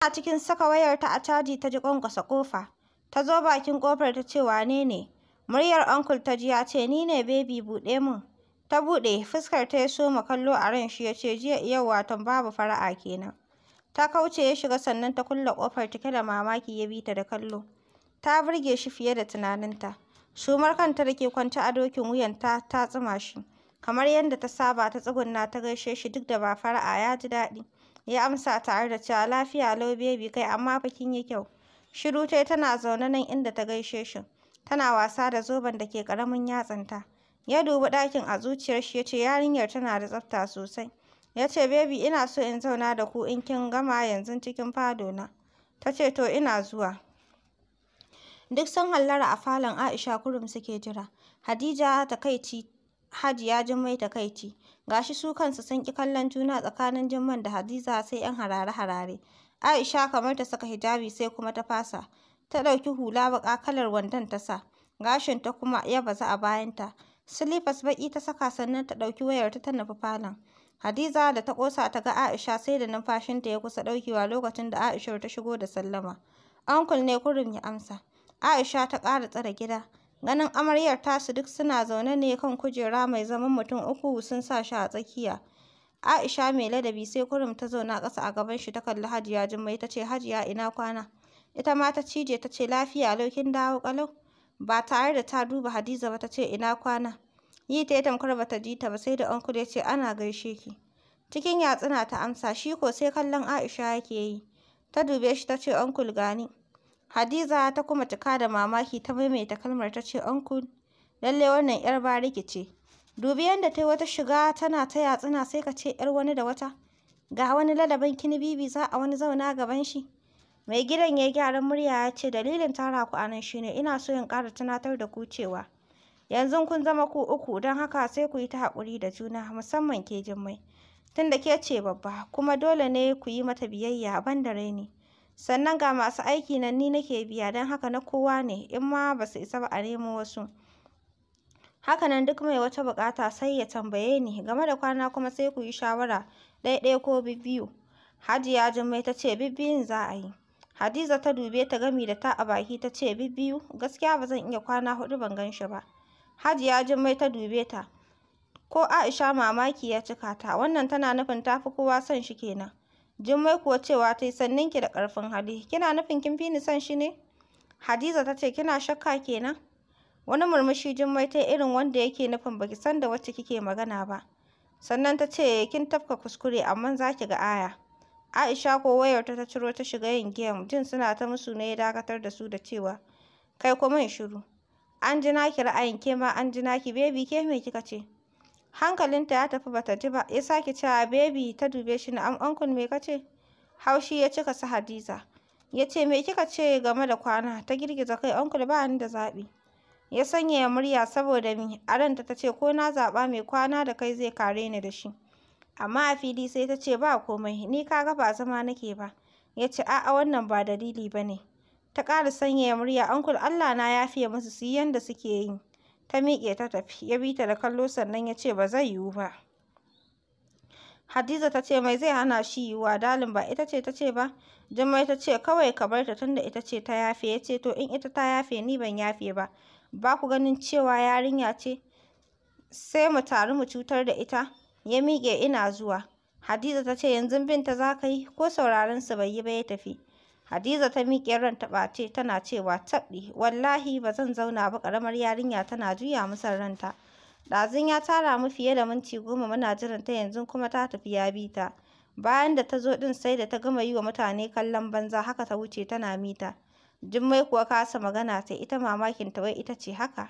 Tana cikin saka wayarta a caji ta ji ƙwanƙwasa ƙofa. Ta zo bakin ƙofar ta ce wane ne? Muryar uncle ta ji ya ce ni ne baby buɗe mun Ta buɗe, fuskar ta ya soma kallo a ran shi ya ce jiya yau watan babu fara'a kenan. Ta kauce ya shiga sannan ta kulle ƙofar cike da mamaki ya bi ta da kallo. Ta burge shi fiye da tunaninta. Sumar kanta da ke kwance a dokin wuyanta ta tsuma shi. Kamar yadda ta saba ta tsugunna ta gaishe shi duk da ba fara'a ya ji daɗi. ya amsa tare da cewa lafiya lau bebi kai amma fa kin yi kyau shiru tai tana zaune nan inda ta gaishe shi tana wasa da zoben da ke karamin yatsanta ya dubi ɗakin a zuciyar shi ya ce yarinyar tana da tsafta sosai ya ce bebi, ina so in zauna da ku in kin gama yanzu cikin fado na ta ce to ina zuwa duk sun hallara a falon Aisha kurum suke jira Hadija ta kai ci Hajiya Jummai takaici. Ga shi su kansu sun ƙi kallon juna tsakanin Jummai da Hadiza sai 'yan harare-harare. Aisha kamar ta saka hijabi sai kuma ta fasa. Ta ɗauki hula baƙa kalar wandon ta sa. Gashinta kuma ya baza a bayanta. Silifas baƙi ta saka sannan ta ɗauki wayarta ta nufi falon. Hadiza da ta ƙosa ta ga Aisha sai da numfashin ta ya kusa ɗaukewa lokacin da Aishar ta shigo da sallama. Ankul ne kurum ya amsa. Aisha ta ƙara tsare gida. Ganin amaryar tasu duk suna zaune ne kan kujera mai zaman mutum uku sun sa shi a tsakiya. Aisha mai ladabi sai kurum ta zauna kasa a gaban shi ta kalli Hajiya Jummai ta ce Hajiya ina kwana. Ita ma ta cije ta ce lafiya laukin dawo ƙalau. Ba tare da ta duba Hadiza ba ta ce ina kwana. Yi ta yi tamkar ba ta ji ta ba sai da uncle ya ce ana gaishe ki. Cikin yatsuna ta amsa shi ko sai kallon Aisha yake yi. Ta dube shi ta ce uncle gani. Hadiza ta kuma cika da mamaki ta maimaita kalmar ta ce uncle, lallai wannan 'yar bariki ce. Dubi yadda ta yi wata shiga tana ta yatsuna sai ka ce 'yar wani da wata. Ga wani ladaban kinibibi za a wani zauna gaban shi. Mai gidan ya gyaran murya ya ce dalilin tara ku a nan shine ina so in ƙara tunatar da ku cewa yanzu kun zama ku uku don haka sai ku yi ta haƙuri da juna musamman ke Jummai. Tunda ke ce babba kuma dole ne ku yi mata biyayya ban da raini. sannan ga masu aiki nan ni nake biya don haka na kowa ne in ma ba su isa ba a nemo wasu haka nan duk mai wata bukata sai ya tambaye ni game da kwana kuma sai ku yi shawara ɗaiɗaya ko bibiyu. hajiya jummai ta ce bibbiyun za a yi hadiza ta dube ta gami da ta a baki ta ce bibbiyu gaskiya ba zan iya kwana huɗu ban gan shi ba hajiya jummai ta dube ta ko aisha mamaki ya cika ta wannan tana nufin ta fi kowa son shi kenan Jummai kuwa cewa ta yi sannin ki da ƙarfin hali. Kina nufin kin fi ni son shi ne? Hadiza ta ce kina shakka kenan? Wani murmushi Jummai ta irin wanda yake nufin baki san da wacce kike magana ba. Sannan ta ce kin tafka kuskure amma za ki ga aya. Aisha ko wayarta ta ciro ta shiga yin game jin suna ta musu ne ya dakatar da su da cewa kai kuma in shiru. An ji naki ra'ayin ke ma an ji naki bebi ke me kika ce? Hankalinta ya tafi bata ji ba, ya sake cewa bebi ta dube shi na uncle me ka Haushi ya cika su Hadiza. Ya ce me kika ce game da kwana? Ta girgiza kai uncle ba ni da zaɓi. Ya ya murya saboda mi, a ta ce ko na zaɓa mai kwana da kai zai kare ni da shi. Amma a fili sai ta ce ba komai, ni kaga ba zama nake ba. Ya ce a'a wannan ba dalili ba ne. Ta ƙara sanyaya murya uncle Allah na yafiye musu su yi yanda suke yi. ta miƙe ta tafi ya bi ta da kallo sannan ya ce ba zai yiwu ba Hadiza ta ce mai zai hana shi yiwuwa dalin ba ita ce ta ce ba jimma ta ce kawai ka bar ta tunda ita ce ta yafe ya ce to in ita ta yafe ni ban yafe ba ba ku ganin cewa yarinya ce sai mu taru mu cutar da ita ya miƙe ina zuwa Hadiza ta ce yanzu binta za ka yi ko sauraron su bai yi ba ya tafi Hadiza ta miƙe ran ɓace tana cewa taɓi. wallahi ba zan zauna ba ƙaramar yarinya tana juya masa ranta. Ɗazun ya tara mu fiye da minti goma muna jiran ta yanzu kuma ta tafi ya bi ta. Bayan da ta zo ɗin sai da ta gama yi wa mutane kallon banza haka ta wuce tana mita. Jummai kuwa kasa magana sai ita mamakin ta wai ita ce haka.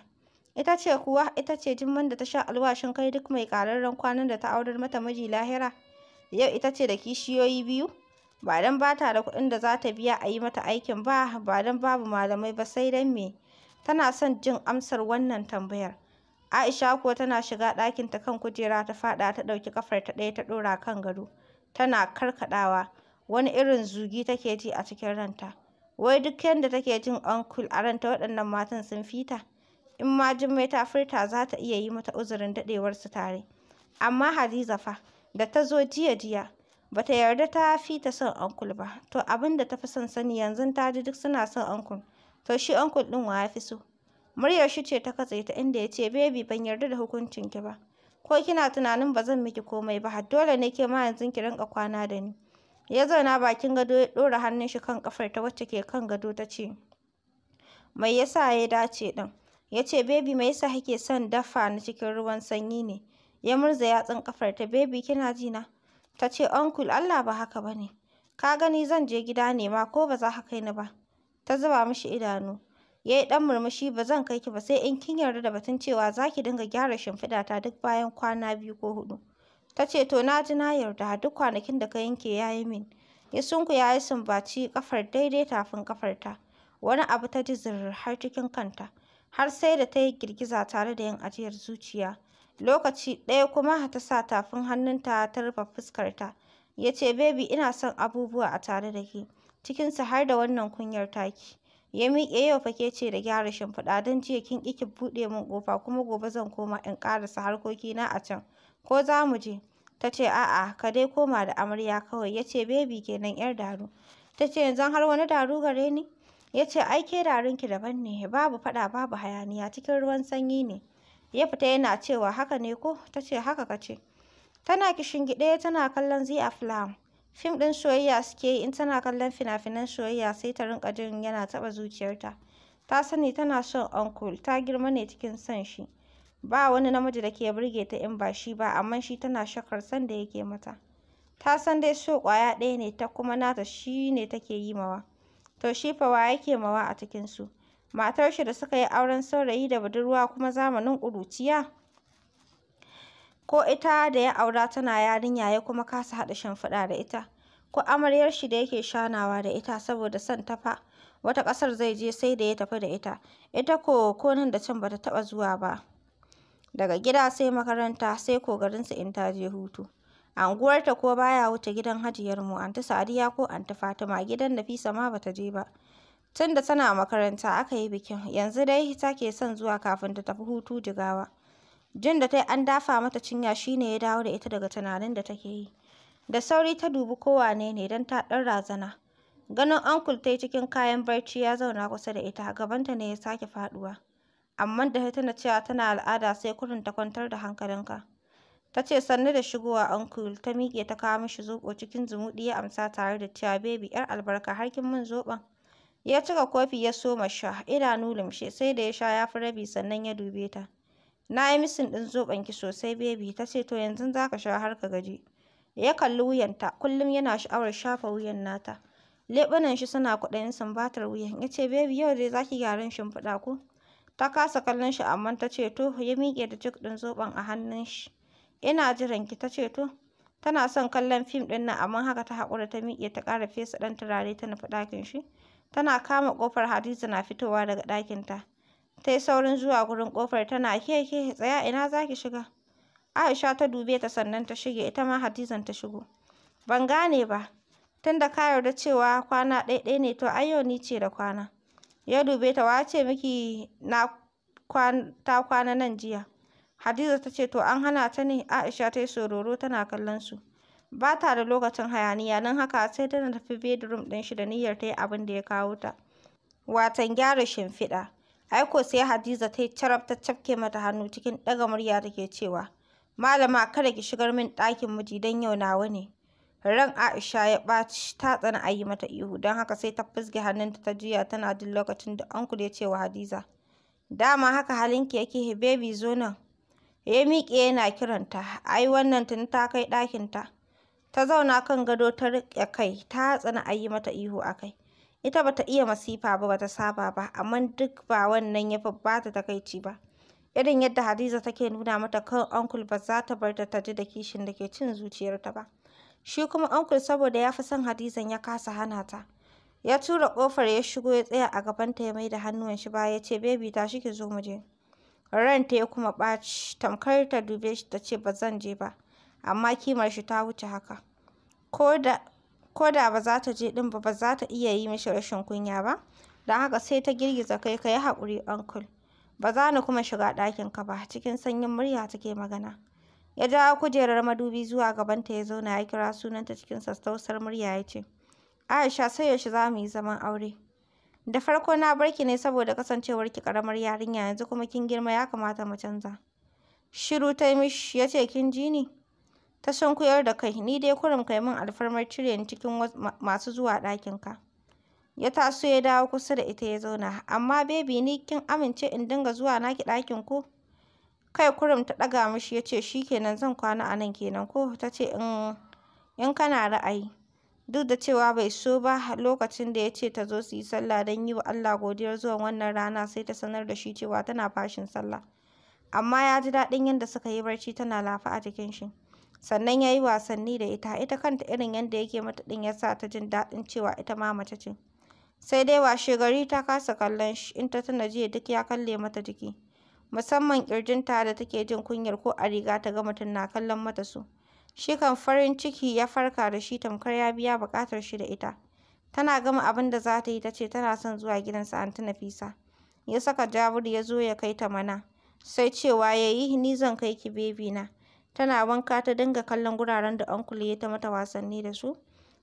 Ita ce kuwa ita ce Jumman da ta sha alwashin kai duk mai ƙararren kwanan da ta aurar mata miji lahira. Yau ita ce da kishiyoyi biyu. ba don ba ta da kuɗin da za ta biya a yi mata aikin ba ba don babu malamai ba sai don me tana son jin amsar wannan tambayar Aisha kuwa tana shiga ɗakin ta kan kujera ta faɗa ta ɗauki kafar ta ɗaya ta ɗora kan gado tana karkaɗawa wani irin zugi take ji a cikin ranta wai duk yadda take jin ankul a ranta waɗannan matan sun fita in ma Jummai ta furta za ta iya yi mata uzurin daɗewarsu tare amma Hadiza fa da ta zo jiya jiya ba ta yarda ta fi ta son uncle ba. To abinda da ta fi son sani yanzu ta ji duk suna son uncle. To shi uncle din wa ya fi so? Muryar shi ce ta katse ta inda ya ce baby ban yarda da hukuncin ki ba. Ko kina tunanin ba zan miki komai ba har dole ne ke ma yanzu ki rinka kwana da ni. Ya zauna bakin gado ya ɗora hannun shi kan kafar ta wacce ke kan gado ta ce mai yasa ya dace din? ya ce baby mai yasa kake son dafa na cikin ruwan sanyi ne ya murza yatsun kafar ta baby kina ji Ta ce, Uncle, Allah ba haka ba ne. Ka gani zan je gida ne ma ko ba za ka kai ni ba. Ta zuba mishi idanu. Ya yi ɗan murmushi ba zan kai ki ba sai in kin yarda da batun cewa za ki dinga gyara shimfiɗa ta duk bayan kwana biyu ko hudu. Ta ce, to na ji na yarda duk kwanakin da ka yanke ya yi min. Ya sunku ya yi sumbaci kafar daidai tafin kafarta. Wani abu ta ji zirir har cikin kanta. Har sai da ta yi girgiza tare da yin ajiyar zuciya. Lokaci ɗaya kuma ta sa tafin hannunta ta rufe fuskarta. Ya ce, Baby, ina son abubuwa a tare da ke, cikinsu har da wannan kunyar taki. Ya miƙe yau fa ke ce da gyara shimfiɗa don jiya kin ƙi ki buɗe min ƙofa kuma gobe zan koma in ƙarasa harkokina a can. Ko za mu je? Ta ce, A'a, ka dai koma da amarya kawai. Ya ce, Baby kenan 'yar daru. Ta ce, Yanzu har wani daru gare ni? Ya ce, Ai, ke darunki daban ne, babu faɗa babu hayaniya, cikin ruwan sanyi ne. ya fita yana cewa haka ne ko ta ce haka ka ce tana kishingiɗe tana kallon a flam fim ɗin soyayya suke yi in tana kallon fina-finan soyayya sai ta rinka jin yana taɓa zuciyarta ta sani tana son uncle ta girma ne cikin son shi ba wani namiji da ke burge ta in ba shi ba amma shi tana shakar son da yake mata ta san dai so kwaya ɗaya ne ta kuma nata shi ne take yi mawa to shi fa wa yake mawa a cikinsu matar shi da suka yi auren saurayi da budurwa kuma zamanin ƙuruciya ko ita da ya aura tana yarinya ya kuma kasa haɗa shimfiɗa da ita ko amaryar shi da yake shanawa da ita saboda son tafa wata ƙasar zai je sai da ya tafi da ita ita ko ko nan da can bata taɓa zuwa ba daga gida sai makaranta sai ko garinsu in ta je hutu anguwarta ko baya wuce gidan hajiyar mu anti sadiya ko anti fatima gidan nafisa ma bata je ba tun da tana makaranta aka yi bikin, yanzu dai ke son zuwa kafin ta tafi hutu Jigawa. Jin da ta an dafa mata cinya shine ya dawo da ita daga tunanin da take yi. Da sauri ta dubi kowane ne don ta ɗan razana. Ganin Uncle ta yi cikin kayan barci ya zauna kusa da ita, gabanta ne ya sake faɗuwa. Amma da ta tuna cewa tana al'ada sai kurin ta kwantar da hankalinka. Ta ce sannu da shigowa Uncle, ta miƙe ta kawo mishi zoɓo cikin zumuɗi ya amsa tare da cewa bebi 'yar albarka har kin min zoɓon. Ya cika kofi ya soma sha, idanu lumshe, sai da ya sha ya fi rabi sannan ya dube ta. Na yi misin ɗin zoɓonki sosai baby, ta ce to yanzu za ka sha har ka gaji. Ya kalli wuyanta, kullum yana sha'awar shafa wuyan nata. Leɓunan shi suna kwaɗayin sumbatar wuyan, ya ce baby yau dai za ki gyaran shimfiɗa ko? Ta kasa kallon shi amma ta ce to, ya miƙe da cik ɗin zoɓon a hannun shi. Ina jiran ki, ta ce to. Tana son kallon fim ɗin nan amma haka ta haƙura ta miƙe ta ƙara fesa ɗan turare ta nufi ɗakin shi. Tana kama kofar Hadiza na fitowa daga ɗakinta. Ta yi saurin zuwa gurin kofar tana ke ke tsaya ina za ki shiga. Aisha ta dube ta sannan ta shige ita ma Hadizan ta shigo. Ban gane ba. Tunda ka yarda cewa kwana ɗaiɗai ne to ai yau ni ce da kwana. Ya dube ta wace miki na ta kwana nan jiya. Hadiza ta ce to an hana ta ne Aisha ta yi sororo tana kallon su. ba ta da lokacin hayaniya don haka sai ta tafi bedroom ɗin shi da niyyar ta yi abin da ya kawo ta watan gyara shimfiɗa aiko sai hadiza ta yi carab ta cafke mata hannu cikin ɗaga murya take cewa malama kada ki shigar min ɗakin miji don yau nawa ne ran aisha ya ɓaci ta tsana a yi mata ihu don haka sai ta fizge hannunta ta juya tana jin lokacin da ankul ya ce wa hadiza dama haka halinki yake bebi zo nan ya miƙe yana kiranta ai wannan tuni ta kai ɗakinta Ta zauna kan gado ta riƙe kai, ta tsana a yi mata ihu a kai. Ita ta iya masifa ba, ba ta saba ba, amma duk ba wannan ya fi bata takaici ba. Irin yadda Hadiza take nuna mata kan uncle ba za ta bar ta ji da kishin da ke cin zuciyarta ba. Shi kuma uncle saboda ya fi son Hadizan ya kasa hana ta. Ya tura ƙofar ya shigo ya tsaya a gabanta ya mai da hannuwan shi ba, ya ce baby shi ki zo mu je. Ranta ya kuma ɓaci tamkar ta dube shi ta ce ba zan je ba. amma kimar shi ta wuce haka. Ko da ba za ta je din ba, ba za ta iya yi mishi rashin kunya ba, don haka sai ta girgiza kai, ka yi haƙuri uncle. Ba za ni kuma shiga ka ba, cikin sanyin murya take magana. Ya jawo kujerar madubi zuwa gabanta ya zauna ya kira sunanta cikin sassausar murya ya ce, Aisha sai yaushe za mu yi zaman aure? Da farko na barki ne saboda kasancewar ki karamar yarinya yanzu kuma kin girma ya kamata mu canza. Shiru ta yi mishi ya ce kin ji ni? Ta sunkuyar da kai, ni dai kurum kai min alfarmar cire ni cikin masu zuwa ɗakinka. Ya taso ya dawo kusa da ita ya zauna, amma bebi ni kin amince in dinga zuwa naki ɗakin ku? Kai kurum ta ɗaga mishi ya ce shi kenan zan kwana anan kenan ko? Ta ce in in kana ra'ayi. Duk da cewa bai so ba lokacin da ya ce ta zo su yi sallah don yi wa Allah godiyar zuwan wannan rana sai ta sanar da shi cewa tana fashin sallah. Amma ya ji daɗin yadda suka yi barci tana lafa a jikin shi. sannan ya yi wasanni da ita ita kanta irin yadda yake mata ɗin ya sa ta jin daɗin cewa ita ma mace ce sai dai washegari ta kasa kallon shi in ta tuna jiya duk ya kalle mata jiki musamman ƙirjinta da take jin kunyar ko a riga ta ga mutum na kallon mata su shi kan farin ciki ya farka da shi tamkar ya biya buƙatar shi da ita tana gama abin da za ta yi ta ce tana son zuwa gidansa anti Nafisa ya saka Jabiru ya zo ya kai ta mana sai cewa ya yi ni zan kai ki bebi na Tana wanka ta dinga kallon guraren da Uncle ya ta mata wasanni da su.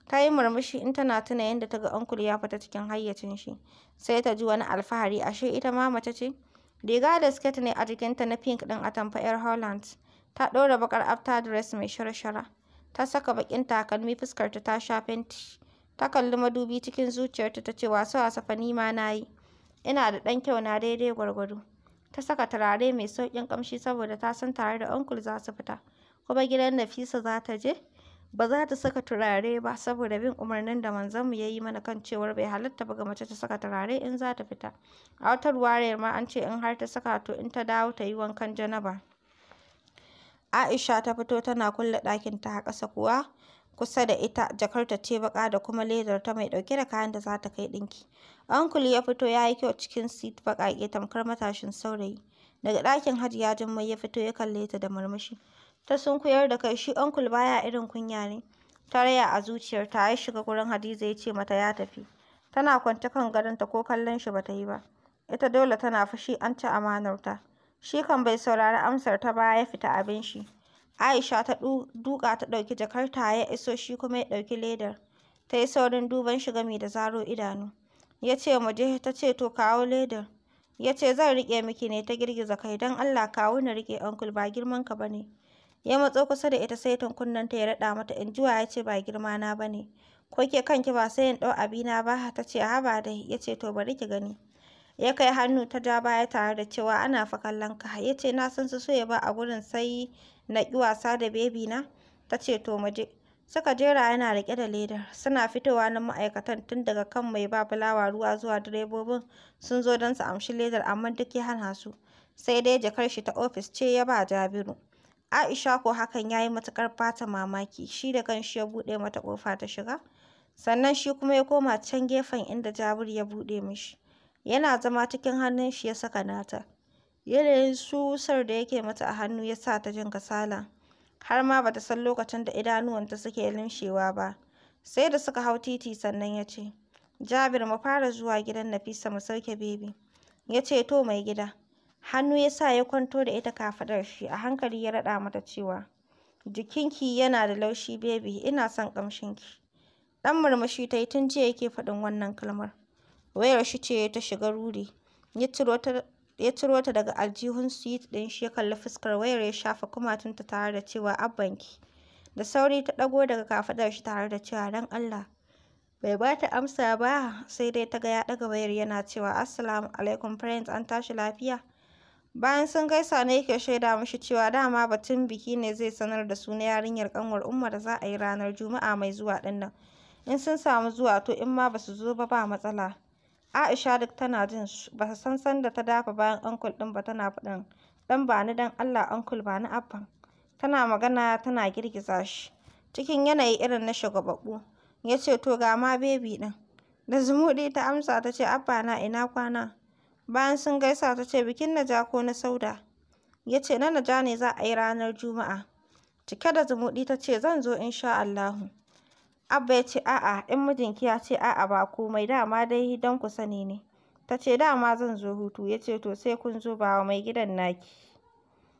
Ta yi murmushi in tana tuna yadda ta ga Uncle ya fita cikin hayyacin shi. Sai ta ji wani alfahari ashe ita ma mace ce. Riga da skirt ne a jikinta na pink ɗin atamfa 'yar Holland. Ta ɗora baƙar after dress mai shara-shara. Ta saka baƙin takalmi fuskarta ta sha fenti. Ta kalli madubi cikin zuciyarta ta ce wasu wasa fa ni ma na yi. Ina da ɗan kyau na daidai gwargwado. ta saka turare mai sauƙin ƙamshi saboda ta san tare da onkul za su fita kuma gidan Nafisa za ta je ba za ta saka turare ba saboda bin umarnin da manzanmu ya yi mana kan cewar bai halatta ba ga mace ta saka turare in za ta fita a wata ruwayar ma an ce in har ta saka to in ta dawo ta yi wankan janaba Aisha ta fito tana kulle ɗakin ta a ƙasa kuwa kusa da ita jakarta ce baka da kuma ledar ta mai dauke da kayan da za ta kai dinki uncle ya fito ya yi kyau cikin seat bakake tamkar matashin saurayi daga ɗakin hajiya jummai ya fito ya kalle ta da murmushi ta sunkuyar da kai shi uncle baya irin kunya ne ta raya a zuciyarta ya shiga gurin hadiza ya ce mata ya tafi tana kwanta kan gadonta ko kallon shi bata yi ba ita dole tana fushi an ci amanarta shi kan bai saurari amsar ta baya ya fita abin shi Aisha ta duƙa ta ɗauki jakarta ya iso shi kuma ya ɗauki ledar. Ta yi saurin duban shi gami da zaro idanu. Ya ce mu je, ta ce to kawo ledar. Ya ce zan riƙe miki ne ta girgiza kai don Allah kawo na riƙe ankul ba girman ka ne. Ya matso kusa da ita sai ta ya raɗa mata injiwa ya ce ba girma na ne. Ko ke kanki ba sai in ɗau abina ba ta ce haba dai ya ce to bari ki gani. ya kai hannu ta ja baya tare da cewa ana fa kallon ka ya ce na san su so ya ba a gurin sai na ƙi wasa da bebi na ta ce to mu je suka jera yana rike da ledar suna fitowa na ma'aikatan tun daga kan mai ba fulawa ruwa zuwa direbobin sun zo don su amshi ledar amma duk ya hana su sai dai jakar shi ta ofis ce ya ba jabiru aisha ko hakan ya yi matuƙar fata mamaki shi da kanshi ya buɗe mata ƙofa ta shiga sannan shi kuma ya koma can gefen inda jabiru ya buɗe mishi yana zama cikin hannun shi ya saka nata Yanayin susar da yake mata a hannu ya sa ta jin kasala, har ma ba ta san lokacin da idanuwanta suke limshewa ba. Sai da suka hau titi sannan ya ce, Jabir mu fara zuwa gidan Nafisa mu sauke Bebi. Ya ce to mai gida. Hannu ya sa ya kwanto da ita kafaɗar shi a hankali ya raɗa mata cewa, Jikinki yana da laushi Bebi, ina son ƙamshinki. Ɗan murmushi ta yi tun jiya yake faɗin wannan kalmar. Wayar shi ce ta shiga ruri. Ya ciro ta da ya ciro ta daga aljihun suit ɗin shi ya kalli fuskar wayar ya shafa kumatunta tare da cewa abbanki da sauri ta ɗago daga kafaɗar shi tare da cewa "Dan Allah bai ba ta amsa ba sai dai ta ga ya ɗaga wayar yana cewa assalamu alaikum friends an tashi lafiya bayan sun gaisa ne yake shaida mishi cewa dama batun biki ne zai sanar da su na yarinyar kanwar umma da za a yi ranar juma'a mai zuwa ɗinnan. in sun samu zuwa to in ma ba su zo ba ba matsala Aisha duk tana jin shi, ba ta san sanda ta dafa bayan uncle ɗin ba tana faɗin ɗan ba ni don Allah uncle ba ni abban. Tana magana tana girgiza shi cikin yanayi irin na shagwaɓaɓɓu. Ya ce to ga ma bebi ɗin. Da zumuɗi ta amsa ta ce abba na ina kwana. Bayan sun gaisa ta ce bikin Naja ko na Sauda. Ya ce na Naja ne za a yi ranar Juma'a. Cike da zumuɗi ta ce zan zo insha Allahu. Abba ya ce, a'a, in mijinki ya ce a'a ba komai, dama dai don ku sani ne. Ta ce, dama zan zo hutu. Ya ce, to sai kun zo ba wa mai gidan naki.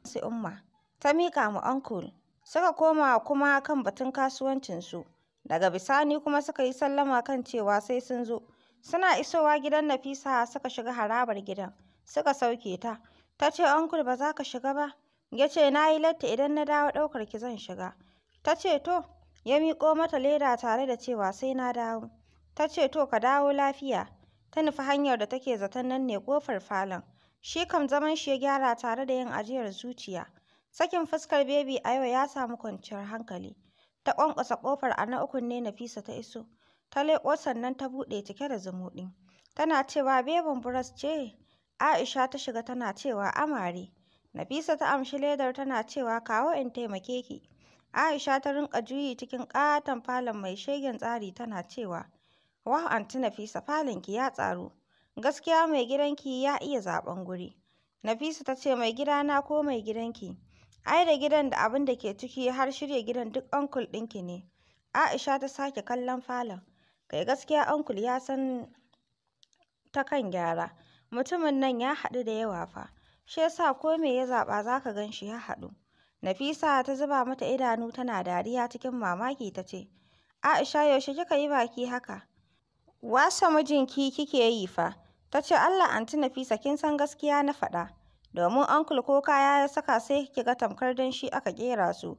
Sai Umma ta miƙa mu uncle. Suka koma kuma kan batun kasuwancinsu. Daga bisani kuma suka yi sallama kan cewa sai sun zo. Suna isowa gidan Nafisa suka shiga harabar gidan. Suka sauke ta. Ta ce, uncle ba za ka shiga ba. Ya ce, na yi latta idan na dawo ɗaukar ki zan shiga. Ta ce, to, ya miƙo mata leda tare da cewa sai na dawo. Ta ce to ka dawo lafiya. Ta nufi hanyar da take zaton nan ne ƙofar falon. Shi kam zaman shi ya gyara tare da yin ajiyar zuciya. Sakin fuskar bebi a yau ya samu kwanciyar hankali. Ta ƙwanƙwasa ƙofar a na ukun ne Nafisa ta iso. Ta leƙo sannan ta buɗe cike da zumuɗi. Tana cewa beban buras ce. Aisha ta shiga tana cewa amare. Nafisa ta amshi ledar tana cewa kawo in taimake ki. Aisha ta rinƙa juyi cikin ƙaton falon mai shegen tsari tana cewa, "Wah, anti Nafisa falonki ya tsaru, gaskiya mai gidanki ya iya zaɓen guri. Nafisa ta ce mai gidana ko mai gidanki, ai da gidan da abin ke ciki har shirya gidan duk onkul ɗinki ne. Aisha ta sake kallon falon, kai gaskiya onkul ya san ta kan gyara, mutumin nan ya haɗu da yawa fa, shi ya sa ko me ya zaɓa za ka gan shi ya haɗu. Nafisa ta zuba mata idanu tana dariya cikin mamaki ta ce, Aisha yaushe kika yi baki haka? Wasa mijinki kike yi fa. Ta ce Allah anti Nafisa kin san gaskiya na faɗa. Domin ankul ko kaya ya saka sai ga tamkar dan shi aka kera su.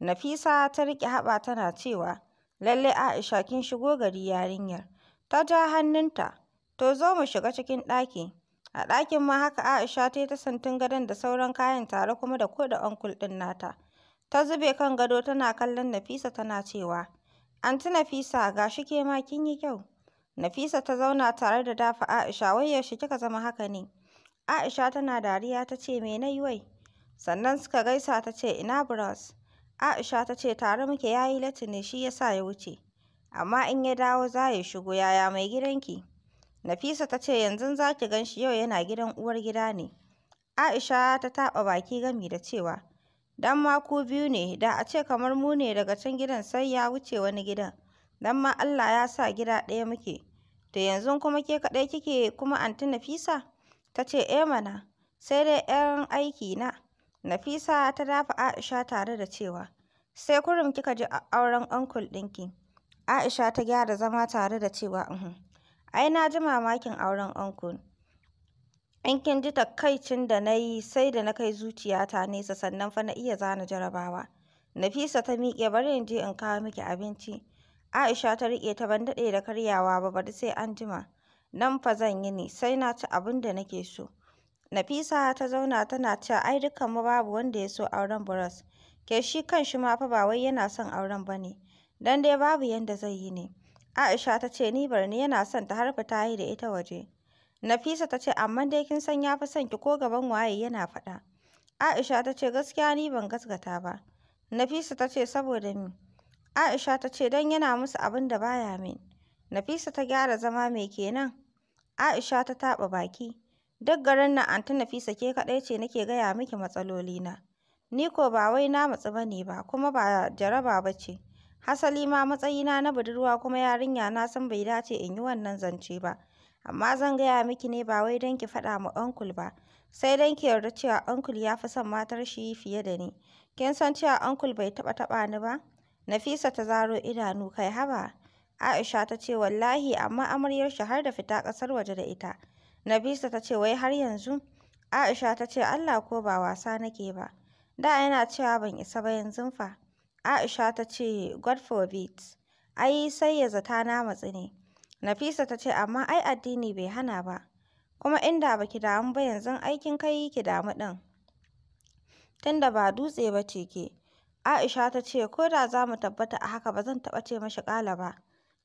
Nafisa ta rike haɓa tana cewa, Lalle Aisha kin shigo gari yarinyar. Ta ja hannunta, to zo mu shiga cikin ɗaki. A ɗakin ma haka Aisha ta yi ta santin gadon da sauran kayan tare kuma da ko da ankul ɗin nata. Ta zube kan gado tana kallon Nafisa tana cewa, Anti Nafisa ga shi ke ma kin yi kyau. Nafisa ta zauna tare da dafa Aisha wai yaushe kika zama haka ne. Aisha tana dariya ta ce me na yi wai. Sannan suka gaisa ta ce ina bros. Aisha ta ce tare muke ya yi ne shi ya sa ya wuce. Amma in ya dawo za ya shigo yaya mai gidanki. Nafisa ta ce yanzu za ki gan shi yau yana gidan uwar gida ne. Aisha ta taɓa baki gami da cewa, dan ma ku biyu ne, da a ce kamar mu ne daga can gidan sai ya wuce wani gidan, dan ma Allah ya sa gida ɗaya muke. To yanzu kuma ke kaɗai kike kuma anti Nafisa? Ta ce eh mana, sai dai 'yan aiki na. Nafisa ta dafa Aisha tare da cewa, sai kurum kika ji auren uncle ɗinki. Aisha ta gyara zama tare da cewa, uhum. Ai na ji mamakin auren uncle. In kin ji takaicin da na yi sai da na kai zuciyata nesa sannan fa na iya zana jarabawa. Nafisa ta miƙe bari in je in kawo miki abinci. Aisha ta riƙe ta ban daɗe da karyawa ba bari sai an jima. Nan fa zan yi ne sai na ci abin da nake so. Nafisa ta zauna tana cewa ai mu babu wanda ya so auren buras. Ke shi kanshi ma fa ba wai yana son auren ba ne. Dan dai babu yanda zai yi ne. Aisha ta ce ni barni yana son ta harfa ta yi da ita waje. Nafisa ta ce amma dai kin san ya fi son ki ko gaban waye yana faɗa. Aisha ta ce gaskiya ni ban gasgata ba. Nafisa ta ce saboda mi. Aisha ta ce don yana musu abin da baya min. Nafisa ta gyara zama mai kenan. Aisha ta taɓa baki. Duk garin nan anti Nafisa ke kaɗai ce nake gaya miki na. Ni ko ba wai na matsu ba ne ba kuma ba jaraba ba ce. Hasali ma matsayina na budurwa kuma yarinya na san bai dace in yi wannan zance ba. Amma zan gaya miki ne ba wai don ki faɗa ma ankul ba, sai don ki yarda cewa ankul ya fi son matar shi fiye da ni. Kin san cewa ankul bai taɓa taɓa ni ba? Nafisa ta zaro idanu kai haba. Aisha ta ce wallahi amma amaryar shi har da fita ƙasar waje da ita. Nafisa ta ce wai har yanzu? Aisha ta ce Allah ko ba wasa nake ba. Da yana cewa ban isa ba yanzu fa. Aisha ta ce, God forbid, ai sai ya zata na matsi ne. Nafisa ta ce, amma ai addini bai hana ba, kuma inda ba ki damu ba yanzu aikin kai ki damu ɗin. Tunda ba dutse ba ce ke. Aisha ta ce, ko da za mu tabbata a haka ba zan taɓa ce mashi ƙala ba.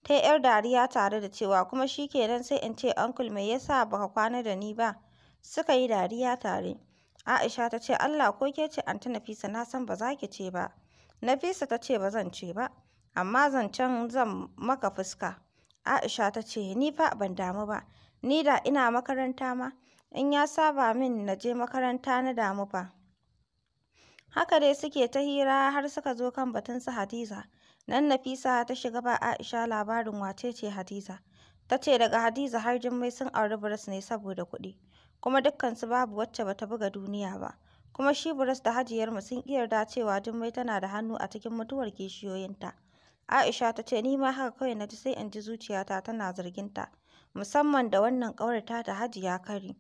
Ta yi 'yar dariya tare da cewa kuma shi kenan sai in ce uncle me yasa baka kwana da ni ba. Suka yi dariya tare. Aisha ta ce, Allah ko ke ce anti Nafisa na san ba za ki ce ba. Nafisa ta ce ba zan ce ba, amma zancen zan maka fuska. Aisha ta ce ni fa ban damu ba, ni da ina makaranta ma, in ya saba min na je makaranta na damu ba. Haka dai suke ta hira har suka zo kan batun su Hadiza. Nan Nafisa ta shiga ba Aisha labarin wace ce Hadiza. Ta ce daga Hadiza har Jummai sun auri ne saboda kuɗi, kuma dukkansu babu wacce bata buga duniya ba. kuma shi Burus da hajiyar mu sun iya da cewa Jummai tana da hannu a cikin mutuwar kishiyoyinta. Aisha ta ce ni ma haka kawai na ji sai in ji zuciyata tana zarginta, musamman da wannan ta da Hajiya Kari.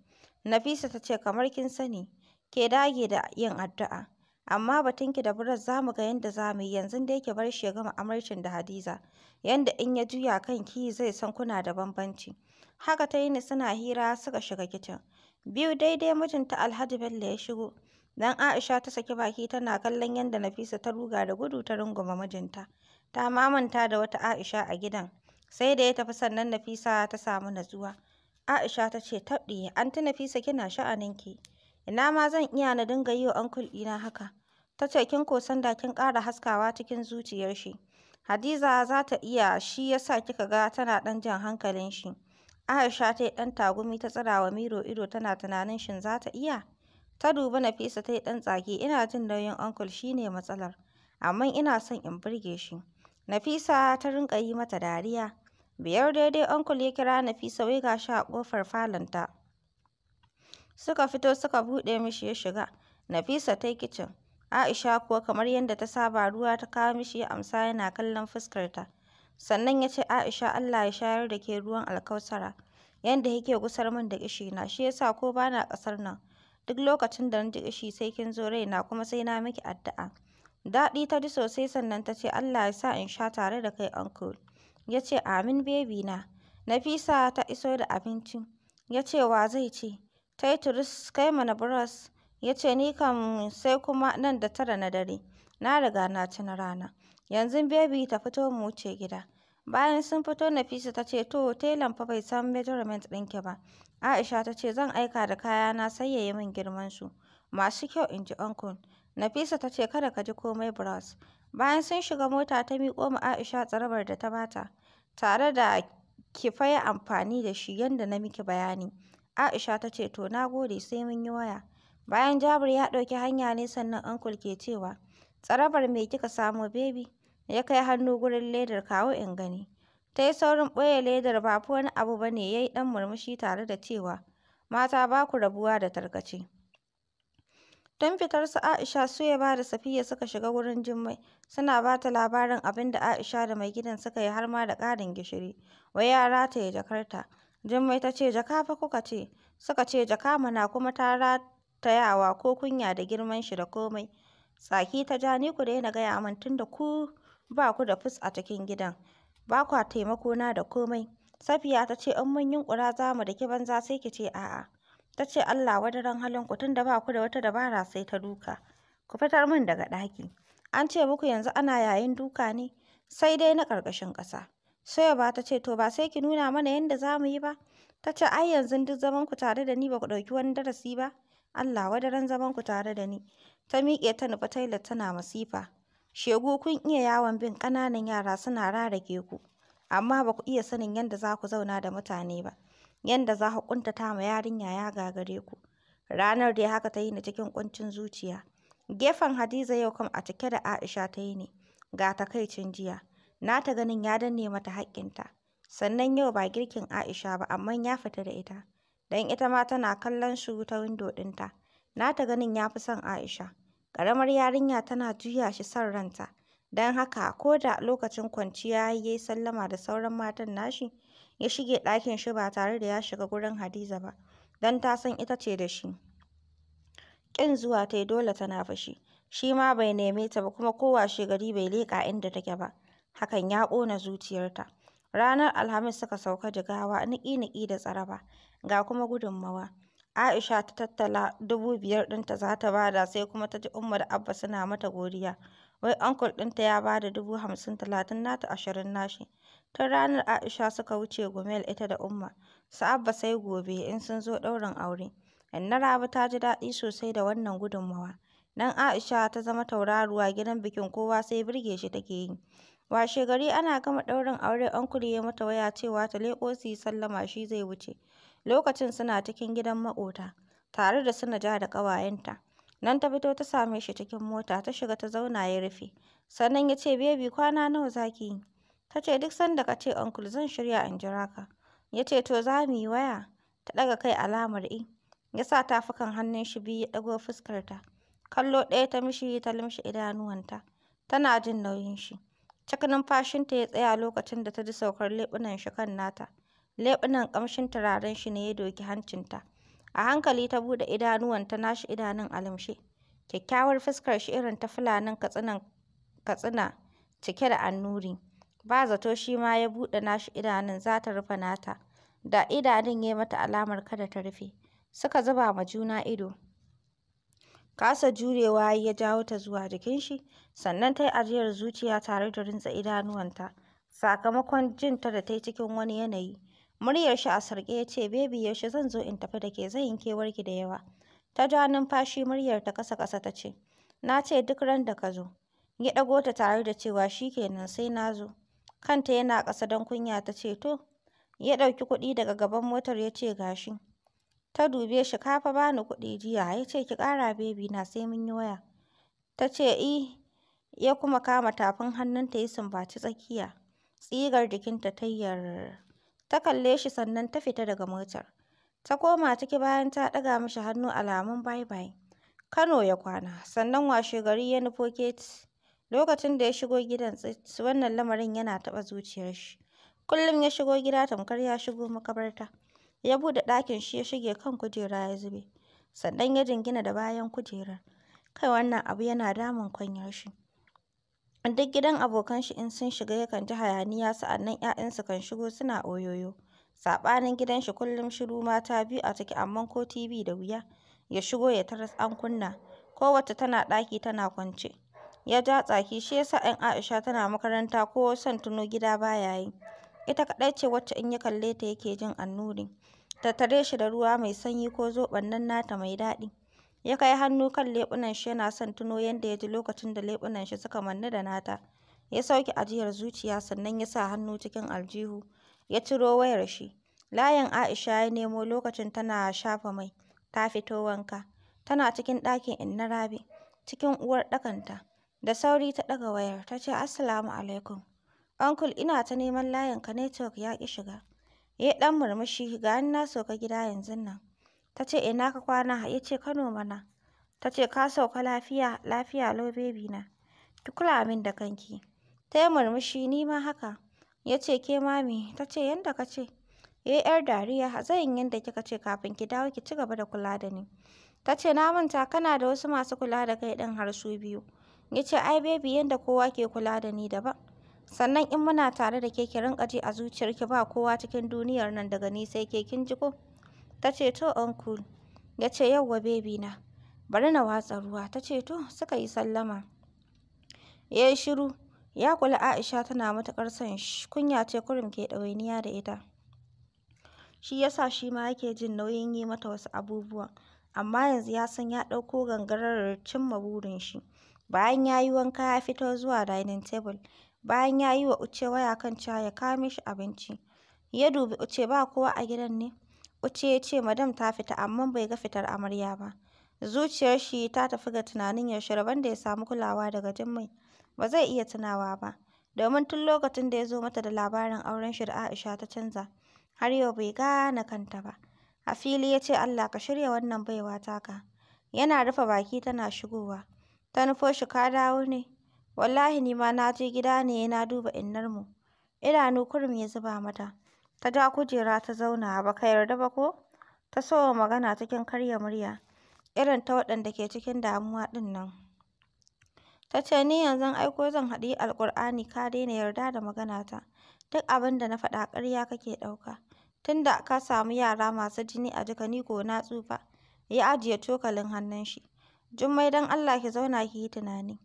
Nafisa ta ce kamar kin sani, ke dage da yin addu'a, amma batunki da Burus za mu ga yadda za mu yi yanzu dai yake bar shi ya gama amarcin da Hadiza, yanda in ya juya kan ki zai san kuna da bambanci. Haka ta yi ni suna hira suka shiga kicin. Biyu daidai mijinta Alhaji Bello ya shigo. dan Aisha ta saki baki tana kallon yadda Nafisa ta ruga da gudu ta rungume mijinta. Ta mamanta da wata Aisha a gidan. Sai da ya tafi sannan Nafisa ta samu natsuwa. Aisha ta ce An anti Nafisa kina sha'anin ki? Ina ma zan iya na dinga yi wa ankul ɗina haka. Ta ce kin kosan da kin ƙara haskawa cikin zuciyar shi. Hadiza za ta iya shi yasa kika ga tana ɗan jan hankalin shi. Aisha ta yi ɗan tagumi ta tsira wa Miro ido tana tunanin shin za ta iya? Ta dubi Nafisa ta yi ɗan tsaki, ina jin nauyin uncle shi ne matsalar, amma ina son in burge shi. Nafisa ta rinƙa yi mata dariya. Biyar daidai uncle ya kira Nafisa wai ga shi a ƙofar falonta. Suka fito suka buɗe mishi ya shiga. Nafisa ta yi kicin. Aisha kuwa kamar yadda ta saba ruwa ta kawo mishi ya amsa yana kallon fuskarta. Sannan ya ce Aisha Allah ya shayar da ke ruwan alkausara. Yanda yake gusar min da ƙishina shi yasa ko ba na ƙasar nan Duk lokacin da na ji ƙishi sai kin zo raina kuma sai na miki addu'a. Daɗi ta ji sosai sannan ta ce Allah ya sa in sha tare da kai uncle. Ya ce amin bebi na. Nafisa ta iso da abinci. Ya ce wa zai ce? Ta yi turis kai mana buras. Ya ce ni kam sai kuma nan da tara na dare. Na riga na ci na rana. Yanzu baby ta fito mu wuce gida. Bayan sun fito Nafisa ta ce to telan fa bai san measurement ɗinki ba. Aisha ta ce zan aika da kayana sai ya yi min girmansu. Masu kyau in ji uncle. Nafisa ta ce kada ka ji komai Bros. Bayan sun shiga mota ta miƙo ma Aisha tsarabar da ta bata. Tare da ki fa amfani da shi yadda na miki bayani. Aisha ta ce to na gode sai mun yi waya. Bayan Jabir ya ɗauki hanya ne sannan uncle ke cewa tsarabar me kika samo baby? Ya kai hannu gurin ledar kawo in gani. Ta yi saurin ɓoye ledar ba wani abu ba ne ya yi ɗan murmushi tare da cewa, mata ba ku rabuwa da tarkace. tun fitar su Aisha, ba da Safiya suka shiga wurin Jummai, suna ba ta labarin abin da Aisha da mai gidan suka yi har ma da ƙarin gishiri, wai ta yi jakarta. Jummai ta ce, jaka fa kuka ce, suka ce jaka mana kuma ta ratayawa ko kunya da girman shi da komai. Tsaki ta ja, ni ku daina gaya min tunda ku ba ku da fus a cikin gidan. ba kwa taimakona da komai. Safiya ta ce in mun yunƙura za mu daki banza sai ki ce a'a. Ta ce Allah wadaran halinku tun da ba ku da wata dabara sai ta duka. Ku fitar min daga ɗaki. An ce muku yanzu ana yayin duka ne, sai dai na ƙarƙashin ƙasa. Soya ta ce to ba sai ki nuna mana yadda za mu yi ba. Ta ce ai yanzu duk zaman ku tare da ni ba ku ɗauki wani darasi ba. Allah wadaran zaman ku tare da ni. Ta miƙe ta nufi tailar tana masifa. Shegu kun iya yawon bin ƙananan yara suna rarake ku, amma ba ku iya sanin yadda za ku zauna da mutane ba, yadda za ku ƙuntata ma yarinya ya gagare ku. Ranar dai haka ta yi ni cikin ƙuncin zuciya. Gefen Hadiza yau kam a cike da Aisha ta yi ne, ga takaicin jiya. Na ta ganin ya danne mata haƙƙinta. Sannan yau ba girkin Aisha ba, amma ya fita da ita. Don ita ma tana kallon shi ta windo ɗinta. Na ta ganin ya fi son Aisha. Karamar yarinya tana juya shi son ranta, don haka ko da lokacin kwanciya ya yi sallama da sauran matan nashi, ya shige ɗakin shi ba tare da ya shiga gurin Hadiza ba, don ta san ita ce da shi. Ƙin zuwa ta yi dole tana fashi shi ma bai neme ta ba kuma kowa shegari bai leƙa inda take ba, hakan ya ƙona zuciyarta. Ranar Alhamis suka sauka Jigawa niƙi-niƙi da tsaraba, ga kuma gudunmawa. Aisha ta tattala dubu biyar ɗinta za ta ba sai kuma ta ji Umma da Abba suna mata godiya. Wai uncle ɗinta ya ba da dubu hamsin talatin nata ashirin nashi. Ta ranar Aisha suka wuce Gumel ita da Umma. Su Abba sai gobe in sun zo ɗaurin aure. Inna Rabi ta ji daɗi sosai da wannan gudunmawa. Nan Aisha ta zama tauraruwa gidan bikin kowa sai birge shi take yi. Washe gari ana gama ɗaurin aure uncle ya mata waya cewa ta leƙo su yi sallama shi zai wuce. Lokacin suna cikin gidan maƙota, tare da suna ja da ƙawayenta. Nan ta fito ta same shi cikin mota, ta shiga ta zauna ya rufe. Sannan ya ce, Baby, kwana nawa za ki yi? Ta ce, Duk sanda ka ce, Uncle, zan shirya in jira ka. Ya ce, To, za mu yi waya? Ta ɗaga kai alamar i. E. Ya sa tafukan hannun shi biyu ya ɗago fuskarta. Kallo ɗaya ta mishi ta limshi idanuwanta. Tana jin nauyin shi. Cikin numfashinta ya tsaya lokacin da ta ji saukar leɓunan shi kan nata. leɓunan ƙamshin turaren shi ne ya doki hancinta. A hankali ta buɗe idanuwanta nashi idanun a lumshe. Kyakkyawar fuskar shi irin ta fulanin katsina cike da annuri. Ba zato shi ma ya buɗe nashi idanun za ta rufe nata. Da idanun ya mata alamar kada ta rufe. Suka zuba ma juna ido. Kasa jurewa ya jawo ta zuwa jikin shi, sannan ta yi ajiyar zuciya tare da rintsa idanuwanta, sakamakon jinta da ta yi cikin wani yanayi. Muryar shi a sarƙe ya ce, Baby yaushe zan zo in tafi da ke zayin kewarki da yawa. Ta ja numfashi muryar ta kasa-kasa ta ce, Na ce duk ran da ka zo. Ya ɗago ta tare da cewa shi kenan sai na zo. Kanta yana ƙasa don kunya ta ce, To, ya ɗauki kuɗi daga gaban motar ya ce gashi. Ta dube shi ka bani kuɗi jiya ya ce ki ƙara bebi na sai mun yi waya. Ta ce i ya kuma kama tafin hannunta ya sumbaci tsakiya. Tsigar jikinta ta yar. Ta kalle shi sannan ta fita daga motar. Ta koma ciki bayan ta ɗaga mishi hannu alamun bye-bye. Kano ya kwana, sannan washe gari ya nufo Keti. Lokacin da ya shigo gidan tsitsi wannan lamarin yana taɓa zuciyar shi. Kullum ya shigo gida tamkar ya shigo makabarta. Ya buɗe ɗakin shi ya shige kan kujera ya zube. Sannan ya jingina da bayan kujerar. Kai wannan abu yana damun kwanyar shi. Duk gidan abokan shi in sun shiga yakan ji hayaniya sa'annan 'ya'yansu kan shigo suna oyoyo. Saɓanin gidan shi kullum shiru mata biyu a ciki amma ko TV da wuya ya shigo ya taras an kunna. Kowacce tana ɗaki tana kwance. Ya ja tsaki shi yasa 'yan Aisha tana makaranta ko son tuno gida ba ya yi. Ita kaɗai ce wacce in ya kalle ta yake jin annuri. Tattare shi da ruwa mai sanyi ko zoɓon nan nata mai daɗi. Ya kai hannu kan leɓunan shi yana son tuno yadda ya ji lokacin da leɓunan shi suka manne da nata. Ya sauke ajiyar zuciya sannan ya sa hannu cikin aljihu ya ciro wayar shi. Layin Aisha ya nemo lokacin tana shafa mai, ta fito wanka. Tana cikin ɗakin Inna Rabi, cikin uwar ɗakanta. Da sauri ta ɗaga wayar ta ce Assalamu alaikum. Uncle ina ta neman layinka network ya ƙi shiga. Ya ɗan murmushi ga na sauka gida yanzun nan. Ta ce ina ka kwana? Ya ce Kano mana. Ta ce ka sauka lafiya? Lafiya lo bebi na. Ki kula min da kanki. Ta yi murmushi ni ma haka. Ya ce ke mami? Ta ce yanda ka ce. Ya yi ‘yar dariya zan yi yanda kika ce kafin ki dawo ki ci gaba da kula da ni. Ta ce na manta kana da wasu masu kula da kai ɗin har su biyu. Ya ce ai bebi yanda kowa ke kula da ni daban. Sannan in muna tare da ke ki ƙaji ji a zuciyarki ba kowa cikin duniyar nan daga ni sai ke kin ji ko? Ta ce to uncle. Ya ce yauwa baby na. Bari na watsa ruwa. Ta ce to suka yi sallama. Ya yi shiru. Ya kula Aisha tana matuƙar son shi. Kunya ce kurum ke ɗawainiya da ita. Shi ya sa shi ma yake jin nauyin yi mata wasu abubuwa Amma yanzu ya san ya ɗauko gangarar cimma burin shi. Bayan ya yi wanka ya fito zuwa dining table. Bayan ya yi wa Uce waya kan caya ya kawo mishi abinci. Ya dubi Uce ba kowa a gidan ne. Uche ya ce madam ta fita amma bai ga fitar amarya ba. Zuciyar shi ta tafi ga tunanin yaushe rabon da ya samu kulawa daga Jummai. Ba zai iya tunawa ba, domin tun lokacin da ya zo mata da labarin auren shi da Aisha ta canza, har yau bai gane kanta ba. A fili ya ce Allah ka shirya wannan baiwa taka. Yana rufe baki tana shigowa. Ta nufo shi ka dawo ne? Wallahi ni ma na je gida ne na duba innarmu. Idanu kurum ya zuba mata. Ta ja kujera ta zauna, ba ka yarda ba ko? Ta soma magana cikin karya murya, irin ta waɗanda ke cikin damuwa ɗin nan. Ta ce ni yanzu ai ko zan haɗi Alƙur'ani ka daina yarda da magana ta. Duk abin da na faɗa ƙarya kake ɗauka. Tunda ka samu yara masu jini a jika ni ko na tsufa. Ya ajiye cokalin hannun shi. Jummai don Allah ki zauna ki yi tunani.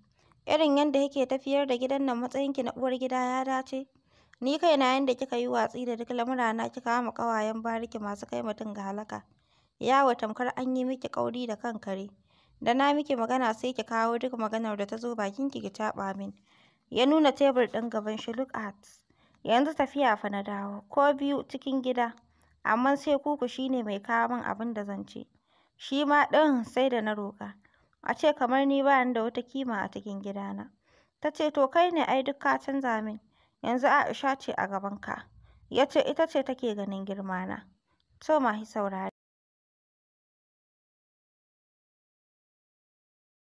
Irin yadda yake tafiyar da gidan nan matsayinki na uwar gida ya dace. Ni kaina yanda kika yi watsi da duk lamurana kika kama kawayen bariki masu kai mutum ga halaka. Yawo tamkar an yi miki kauri da kan kare. Da na miki magana sai ki kawo duk maganar da ta zo bakin ki ki taba min. Ya nuna tebur ɗin gaban shi look at. Yanzu tafiya fa na dawo, ko biyu cikin gida. Amma sai kuku shi ne mai kawo min abin da zan ce. Shi ma din, sai da na roka. A ce kamar ni ba ni da wata kima a cikin gidana. Ta ce to kai ne ai duk ka canza min. yanzu Aisha ce a gabanka, ya ce ita ce take ganin girmana. To ma yi saurare.